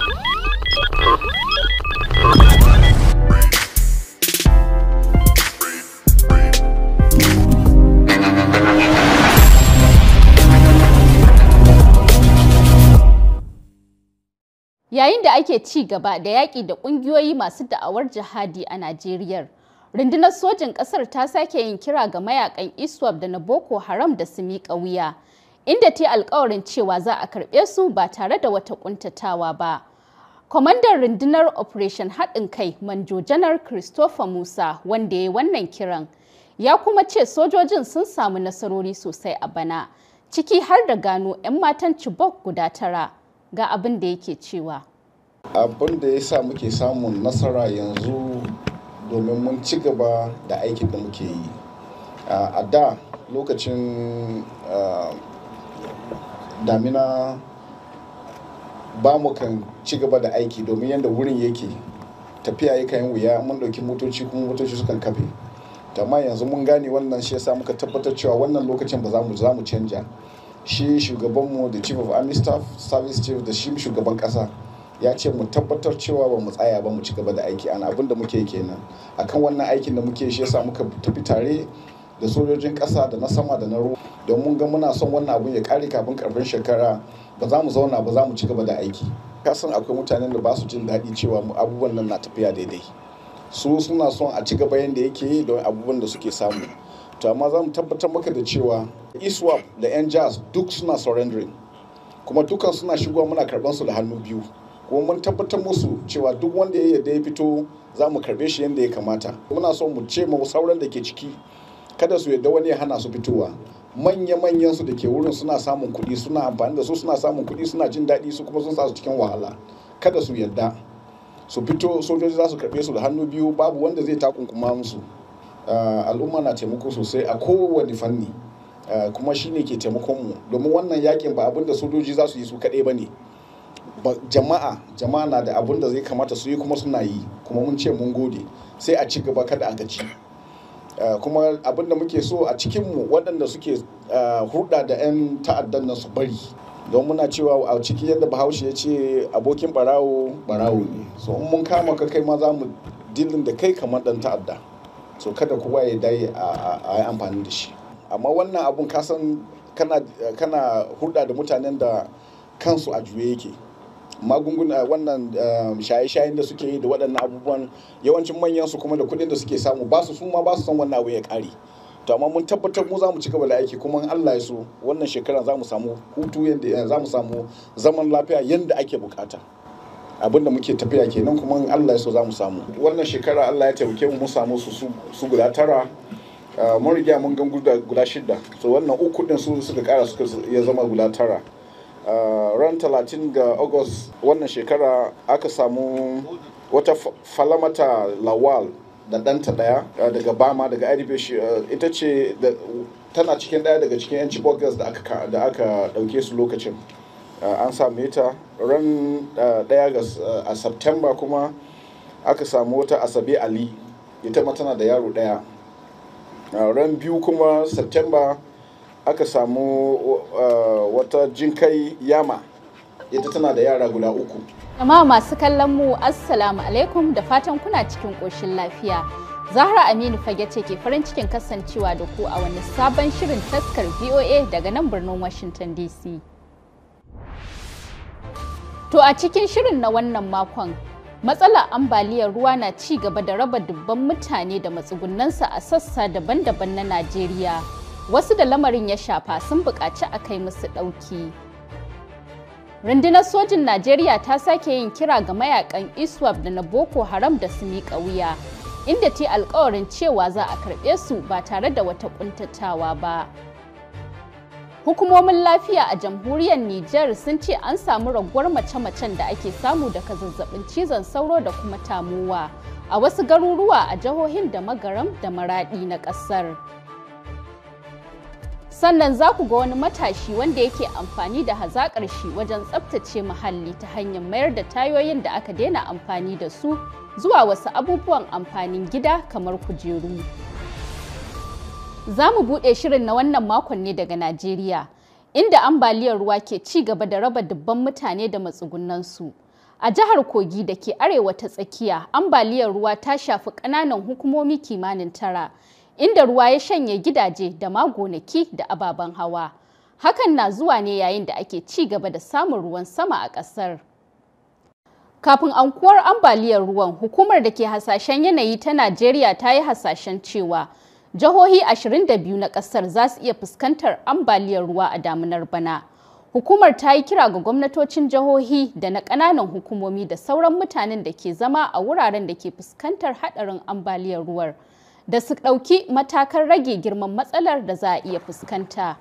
Yayin da ake ci gaba da yaƙi da ƙungiyoyi masu da'awar jihadi a Najeriya, rundunar sojin ƙasar ta sake yin kira ga mayakan ISWAP da na Boko Haram da su miƙa wuya. inda ta yi alkawarin cewa za a karɓe su ba tare da wata ƙuntatawa ba. Kwamandan rundunar Operation haɗin kai Manjo Janar Christopher Musa wanda ya yi wannan kiran ya kuma ce sojojin sun samu nasarori sosai a bana ciki har da gano 'yan matan Chibok guda tara ga abin da yake cewa. Abin da ya sa muke samun nasara yanzu domin mun ci gaba da aikin da muke yi. A da lokacin damina ba mu kan ci gaba da aiki domin yadda wurin yake tafiya yi kayan wuya mun ɗauki motoci kuma motoci sukan kafe amma yanzu mun gane wannan shi yasa muka tabbatar cewa wannan lokacin ba za mu canja shi shugabanmu da chief of army staff service chief da shi shugaban kasa ya ce mu tabbatar cewa ba mu tsaya ba mu ci gaba da aiki ana abin da muke kenan akan wannan aikin da muke shi yasa muka tafi tare da sojojin ƙasa da na sama da na ruwa don mun ga muna son wannan abun ya kare kafin karfin shekara ba za mu zauna ba za mu ci gaba da aiki kasan akwai mutanen da ba su jin daɗi cewa abubuwan nan na tafiya daidai su suna son a ci gaba yadda yake yi don abubuwan da suke samu to amma za mu tabbatar maka da cewa iswap e da yan jazz duk suna surrendering kuma dukan suna shigowa muna karban su da hannu biyu kuma mun tabbatar musu cewa duk wanda ya yarda ya fito za mu karbe shi yadda ya kamata muna son mu ce ma sauran da ke ciki kada su yadda wani ya hana su fitowa manya-manyan su da ke wurin suna samun kuɗi suna amfani da su suna samun kuɗi suna jin daɗi su kuma sun sa su cikin wahala kada su yadda su fito sojoji za su karɓe su da hannu biyu babu wanda zai takunkuma musu ah, al'umma na taimako sosai a kowane fanni ah, kuma shine ke taimakon mu domin wannan yakin ba abin da sojoji za su yi su kaɗai ba ne jama'a jama'a na da abin da zai kamata su yi kuma suna yi kuma mun ce mun gode sai a ci gaba kada a gaci Eh, kuma abin da muke so a cikinmu waɗanda suke eh, hurɗa da 'yan ta'addan nan su bari don muna cewa a ciki yadda bahaushe ya ce abokin barawo barawo ne so in mun kama ka kai ma za mu dilin da kai kamar ɗan ta'adda so kada kowa ya dai a yi amfani da shi amma wannan abun kasan kana hurɗa da mutanen da kansu a juye yake magunguna wannan um, shaye-shayen da suke yi da waɗannan abubuwan yawancin manyan su kuma da kuɗin da suke samu ba su su ma ba su san wannan abu ya ƙare to amma mun tabbatar mu za mu ci gaba da aiki kuma Allah ya so wannan shekara za mu samu hutu yadda eh, za mu samu zaman lafiya yadda ake bukata abin da muke tafiya kenan kuma Allah ya so za mu samu wannan shekara Allah ya taimake mu mu samu su su guda tara uh, mun riga mun gan guda shida so wannan uku din su suka kara suka ya zama guda tara Uh, ran 30 ga august wannan shekara aka samu wata falamata lawal da ɗanta ɗaya uh, daga bama daga idp uh, ita ce tana cikin ɗaya daga cikin 'yan chibokers da aka ɗauke su lokacin an samu ita ran ɗaya a september kuma aka samu wata asabe ali ita ma tana da yaro ɗaya ran biyu kuma september aka samu ta jinkai yama ita tana da yara guda uku jama'a masu kallon mu assalamu alaikum da fatan kuna cikin ƙoshin lafiya zahra aminu fage ce ke farin cikin kasancewa da ku a wani sabon shirin taskar voa daga nan birnin washington dc to a cikin shirin na wannan makon matsalar ambaliyar ruwa na ci gaba da raba dubban mutane da matsugunansa a sassa daban-daban na najeriya wasu da lamarin ya shafa sun buƙaci a kai musu ɗauki. Rundunar sojin Najeriya ta sake yin kira ga mayakan ISWAP da na Boko Haram da su miƙa wuya, inda ta alkawarin cewa za a karɓe su ba tare da wata ƙuntatawa ba. Hukumomin lafiya a jamhuriyar Nijar sun ce an samu raguwar mace-macen da ake samu daga zazzabin cizon sauro da kuma tamowa a wasu garuruwa a jihohin da magaram da maraɗi na ƙasar. sannan za ku ga wani matashi wanda yake amfani da hazaƙar shi wajen tsabtace muhalli ta hanyar mayar da tayoyin da aka daina amfani da su zuwa wasu abubuwan amfanin gida kamar kujeru. Za mu buɗe shirin na wannan makon ne daga Najeriya, inda ambaliyar ruwa ke ci gaba da raba dubban mutane da matsugunansu. A jihar Kogi da ke arewa ta tsakiya, ambaliyar ruwa ta shafi ƙananan hukumomi kimanin tara. inda ruwa ya shanye gidaje da ma gonaki da ababen hawa. Hakan na zuwa ne yayin da ake ci gaba da samun ruwan sama a ƙasar. Kafin ankuwar ambaliyar ruwan, hukumar da ke hasashen yanayi ta Najeriya ta yi hasashen cewa jihohi 22 na ƙasar za su iya fuskantar ambaliyar ruwa a damunar bana. Hukumar ta yi kira ga gwamnatocin jihohi da na ƙananan hukumomi da sauran mutanen da ke zama a wuraren da ke fuskantar haɗarin ambaliyar ruwar. da su ɗauki matakan rage girman matsalar da za a iya fuskanta.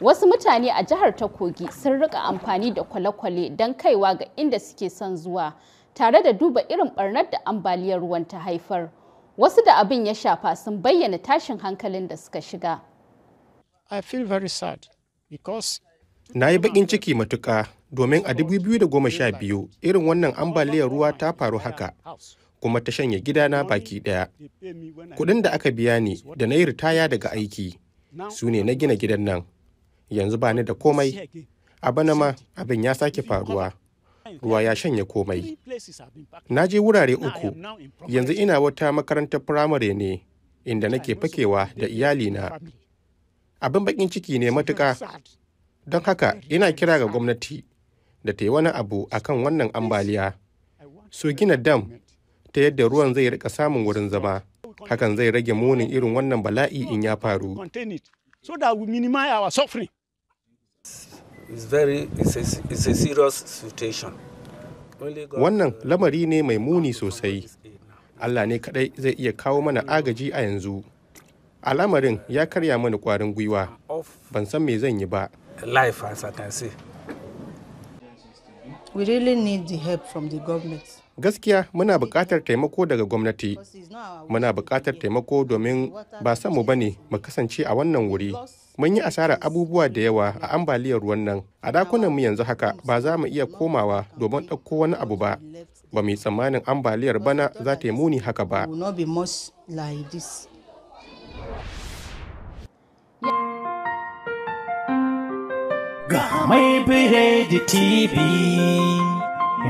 Wasu mutane a jihar ta Kogi sun rika amfani da kwale-kwale don kaiwa ga inda suke son zuwa, tare da duba irin barnar da ambaliyar ruwan ta haifar. Wasu da abin ya shafa sun bayyana tashin hankalin da suka shiga. I feel Na yi bakin ciki matuka domin a 2012 irin wannan ambaliyar ruwa ta faru haka. kuma ta shanye gidana baki ɗaya. Kuɗin da aka biya ni da na yi ritaya daga aiki su ne na gina gidan nan. Yanzu ba ni da komai. A banama abin ya sake faruwa. Ruwa ya shanye komai. Na je wurare uku, yanzu ina wata makarantar firamare ne inda nake fakewa da iyalina. Abin bakin ciki ne matuƙa. Don haka ina kira ga gwamnati da ta yi wani abu akan wannan ambaliya. Su gina dam ta yadda ruwan zai rika samun wurin zama hakan zai rage munin irin wannan bala'i in ya faru wannan lamari ne mai muni sosai allah ne kadai zai iya kawo mana agaji a yanzu al'amarin ya karya mana kwarin gwiwa ban san me zan yi ba We really need the help from the government. gaskiya muna buƙatar taimako daga gwamnati muna buƙatar taimako domin ba samu ba ne mu kasance a wannan wuri mun yi asarar abubuwa da yawa a ambaliyar ruwan nan a dakunan mu yanzu haka ba za mu iya komawa domin ɗauko wani abu ba ba mu tsammanin ambaliyar bana za ta yi muni haka ba Ga mai da TV